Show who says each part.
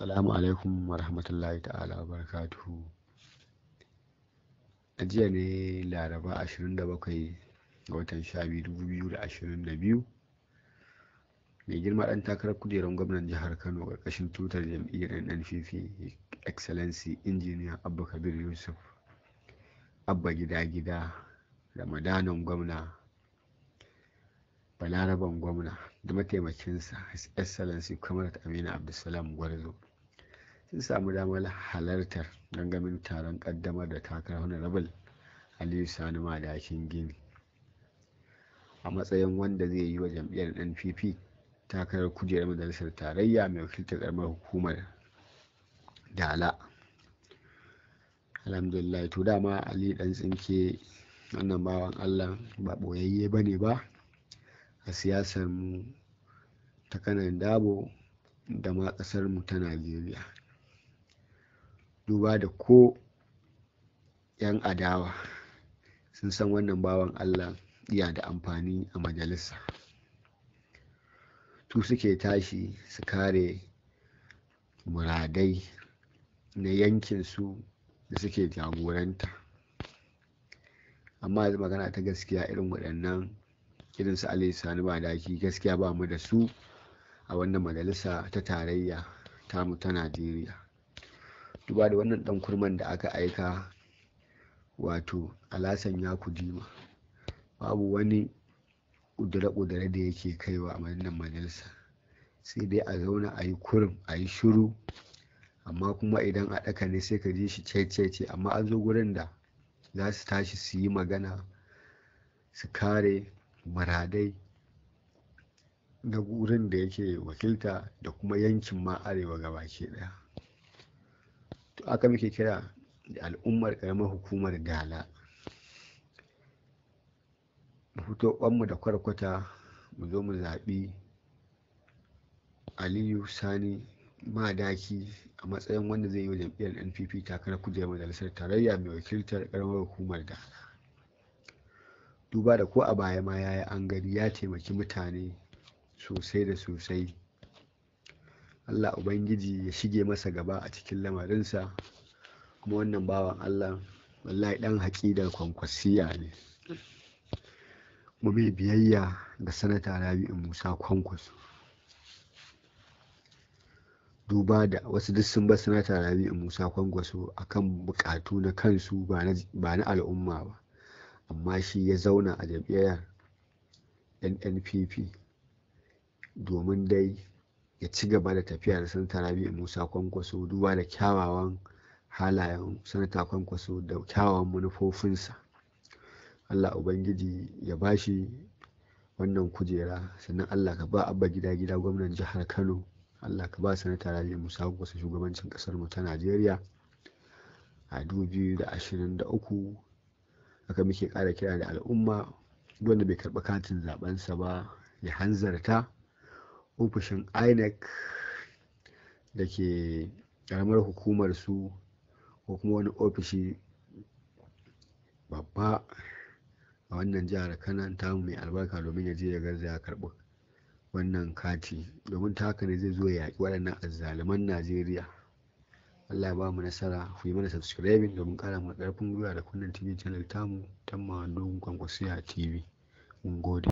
Speaker 1: Salamu alaikum wa rahmatullahi ta'ala wa barakatuhu. A jiya ne Laraba 27 ga watan 12,2022 mai girma ɗan takarar kujerar gwamnan jihar Kano ƙarƙashin tutar jam'iyyar NNPP Excellency Injiniya Abba Kabir Yusuf Abba gida-gida Ramadanan gwamna balaraban gwamna da mataimakinsa excellency comrade aminu abdulsalam gwarzo sun samu damar halartar gangamin taron kaddamar da takarar honorable aliyu sani madakin gini a matsayin wanda zai yi wa jam'iyyar npp takarar kujerar majalisar tarayya mai wakiltar karamar hukumar dala alhamdulillah to dama ali dan tsinke wannan bawan allah ba boyayye ba ne ba a siyasar mu ta kanan dabo da ma kasar mu ta najeriya duba da ko 'yan adawa sun san wannan bawan allah iya da amfani a majalisa su suke tashi su kare muradai na yankinsu da suke jagoranta amma magana ta gaskiya irin waɗannan irin su Ali Sani Badaki gaskiya ba mu da su a wannan majalisa ta tarayya tamu ta Najeriya duba da wannan dan kurman da aka aika wato alasan ya kudima babu wani kudura-kudura da yake kaiwa a wannan majalisa sai dai a zauna a yi kurum a yi shiru amma kuma idan a ɗaka ne sai ka je shi cece amma an zo gurin da za su tashi su yi magana su kare maradai na gurin da yake wakilta da kuma yankin ma arewa gabaki ɗaya to aka muke kira da al'ummar karamar hukumar dala mu fito kwanmu da kwarkwata mu zo mu zaɓi aliyu sani madaki a matsayin wanda zai yi wa jam'iyyar npp takarar kujerar majalisar tarayya mai wakiltar karamar hukumar dala duba da ko a baya ma ya yi an gari ya taimaki mutane sosai da sosai Allah Ubangiji ya shige masa gaba a cikin lamarinsa kuma wannan bawan Allah wallahi dan haƙidar kwankwasiya ne mu mai biyayya ga sanata rabi'u musa kwankwaso duba da wasu duk sun ba sanata rabi'u musa kwankwaso akan bukatu na kansu ba na al'umma ba amma shi ya zauna a jam'iyyar nnpp domin dai ya ci gaba da tafiya da sanata rabi musa kwankwaso duba da kyawawan halayen sanata kwankwaso da kyawawan manufofinsa allah ubangiji ya bashi wannan kujera sannan allah ka ba abba gida gida gwamnan jihar kano allah ka ba sanata rabi musa kwankwaso shugabancin kasar mu ta najeriya a 2023 haka muke kara kira da al'umma wanda bai karɓi katin sa ba ya hanzarta ofishin inec da ke karamar hukumar su ko kuma wani ofishi babba a wannan jihar kana ta mai albarka domin ya je ya garza ya karbi wannan kati domin ta haka ne zai zo ya yaƙi waɗannan azzaluman najeriya allah ba mu nasara ku yi mana subscribing domin ƙara mana ƙarfin gwiwa da kunnen tv channel tamu mawa dogon kwankwasiya tv mun gode